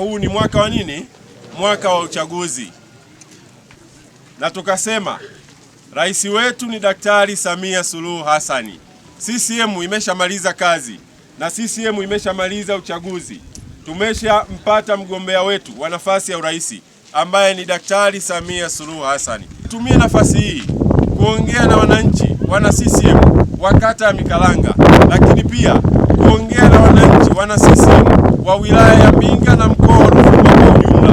Huu ni mwaka wa nini? Mwaka wa uchaguzi, na tukasema rais wetu ni Daktari Samia Suluhu Hasani. CCM imeshamaliza kazi na CCM imeshamaliza uchaguzi, tumeshampata mgombea wetu wa nafasi ya urais ambaye ni Daktari Samia Suluhu Hasani. Tumie nafasi hii kuongea na wananchi wana CCM wa kata ya Mikalanga, lakini pia kuongea na wananchi wana CCM wa wilaya ya Mbinga na mkoa wa Ruvuma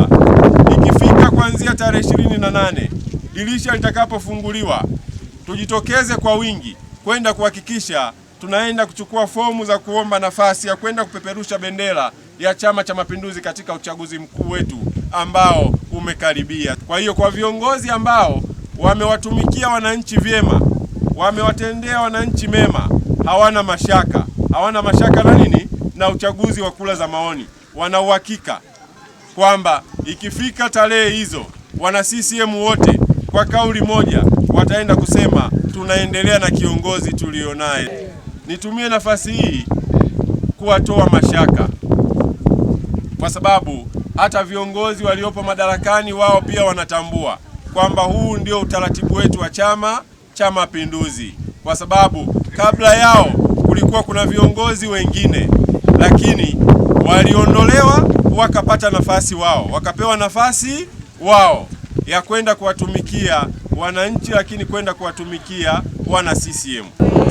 kwa ujumla, ikifika kuanzia tarehe ishirini na nane dirisha litakapofunguliwa, tujitokeze kwa wingi kwenda kuhakikisha tunaenda kuchukua fomu za kuomba nafasi ya kwenda kupeperusha bendera ya Chama cha Mapinduzi katika uchaguzi mkuu wetu ambao umekaribia. Kwa hiyo kwa viongozi ambao wamewatumikia wananchi vyema, wamewatendea wananchi mema, hawana mashaka, hawana mashaka na nini na uchaguzi wa kura za maoni, wana uhakika kwamba ikifika tarehe hizo wana CCM wote kwa kauli moja wataenda kusema tunaendelea na kiongozi tulionaye. Nitumie nafasi hii kuwatoa mashaka, kwa sababu hata viongozi waliopo madarakani wao pia wanatambua kwamba huu ndio utaratibu wetu wa Chama cha Mapinduzi, kwa sababu kabla yao kulikuwa kuna viongozi wengine lakini waliondolewa wakapata nafasi wao, wakapewa nafasi wao ya kwenda kuwatumikia wananchi, lakini kwenda kuwatumikia wana CCM.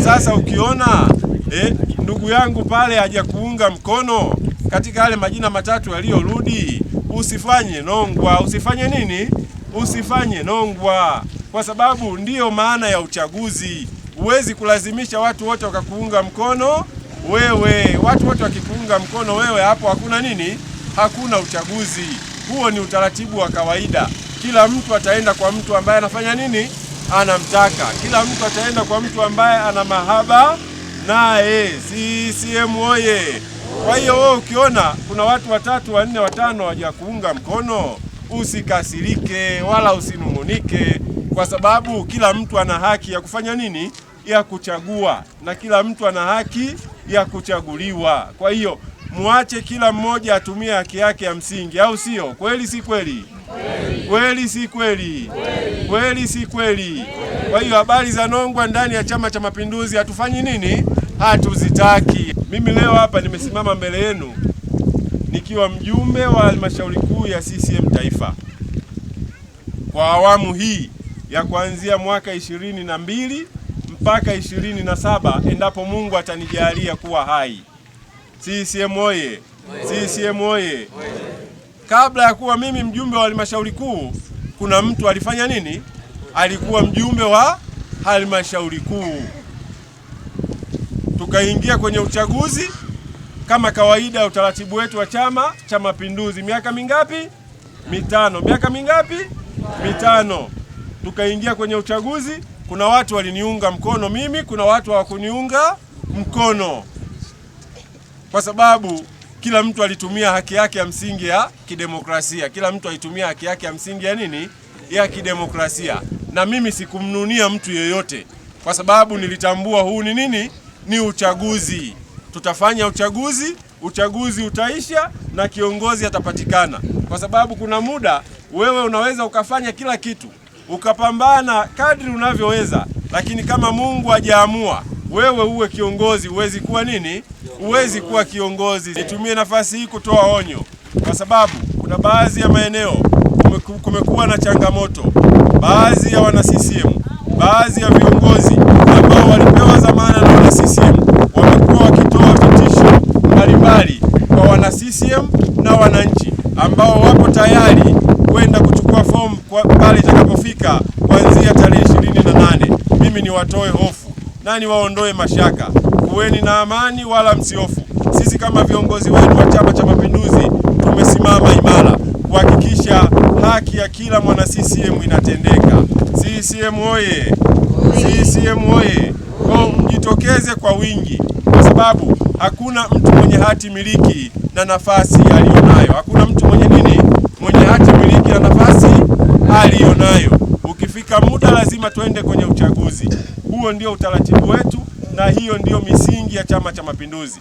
Sasa ukiona eh, ndugu yangu pale hajakuunga mkono katika yale majina matatu yaliyorudi, usifanye nongwa, usifanye nini, usifanye nongwa, kwa sababu ndiyo maana ya uchaguzi. Huwezi kulazimisha watu wote wakakuunga mkono wewe, watu wote wakikuunga mkono wewe, hapo hakuna nini? Hakuna uchaguzi. Huo ni utaratibu wa kawaida. Kila mtu ataenda kwa mtu ambaye anafanya nini, anamtaka. Kila mtu ataenda kwa mtu ambaye ana mahaba naye. CCM oye! Kwa hiyo wewe ukiona kuna watu watatu wanne watano waja kuunga mkono, usikasirike wala usinung'unike, kwa sababu kila mtu ana haki ya kufanya nini, ya kuchagua, na kila mtu ana haki ya kuchaguliwa. Kwa hiyo muache kila mmoja atumie haki yake ya msingi, au sio? Kweli si kweli? Kweli si kweli? Kweli si kweli? Kwa hiyo habari za Nongwa ndani ya Chama cha Mapinduzi hatufanyi nini? Hatuzitaki. Mimi leo hapa nimesimama mbele yenu nikiwa mjumbe wa halmashauri kuu ya CCM Taifa kwa awamu hii ya kuanzia mwaka ishirini na mbili mpaka ishirini na saba endapo Mungu atanijalia kuwa hai. CCM oye! CCM oye! Kabla ya kuwa mimi mjumbe wa halmashauri kuu, kuna mtu alifanya nini? Alikuwa mjumbe wa halmashauri kuu, tukaingia kwenye uchaguzi kama kawaida ya utaratibu wetu wa Chama cha Mapinduzi. Miaka mingapi? Mitano. Miaka mingapi? Mitano. Tukaingia kwenye uchaguzi. Kuna watu waliniunga mkono mimi, kuna watu hawakuniunga mkono, kwa sababu kila mtu alitumia haki yake ya msingi ya kidemokrasia. Kila mtu alitumia haki yake ya msingi ya nini, ya kidemokrasia, na mimi sikumnunia mtu yeyote, kwa sababu nilitambua huu ni nini, ni uchaguzi. Tutafanya uchaguzi, uchaguzi utaisha na kiongozi atapatikana, kwa sababu kuna muda wewe unaweza ukafanya kila kitu ukapambana kadri unavyoweza, lakini kama Mungu hajaamua wewe uwe kiongozi, huwezi kuwa nini, huwezi kuwa kiongozi. Nitumie nafasi hii kutoa onyo, kwa sababu kuna baadhi ya maeneo kumekuwa na changamoto. Baadhi ya wana CCM, baadhi ya viongozi ambao walipewa zamana na wana CCM wamekuwa wakitoa vitisho mbalimbali kwa wana CCM na wananchi ambao wapo tayari kwenda nani watoe hofu, nani waondoe mashaka. Kuweni na amani, wala msihofu. Sisi kama viongozi wenu wa Chama cha Mapinduzi tumesimama imara kuhakikisha haki ya kila mwana CCM inatendeka. CCM oye! CCM oye! Mjitokeze kwa wingi, kwa sababu hakuna mtu mwenye hati miliki na nafasi aliyonayo. Hakuna mtu mwenye nini, mwenye hati miliki na nafasi aliyonayo. Ukifika muda lazima tuende kwenye uchaguzi. Huo ndio utaratibu wetu na hiyo ndio misingi ya Chama cha Mapinduzi.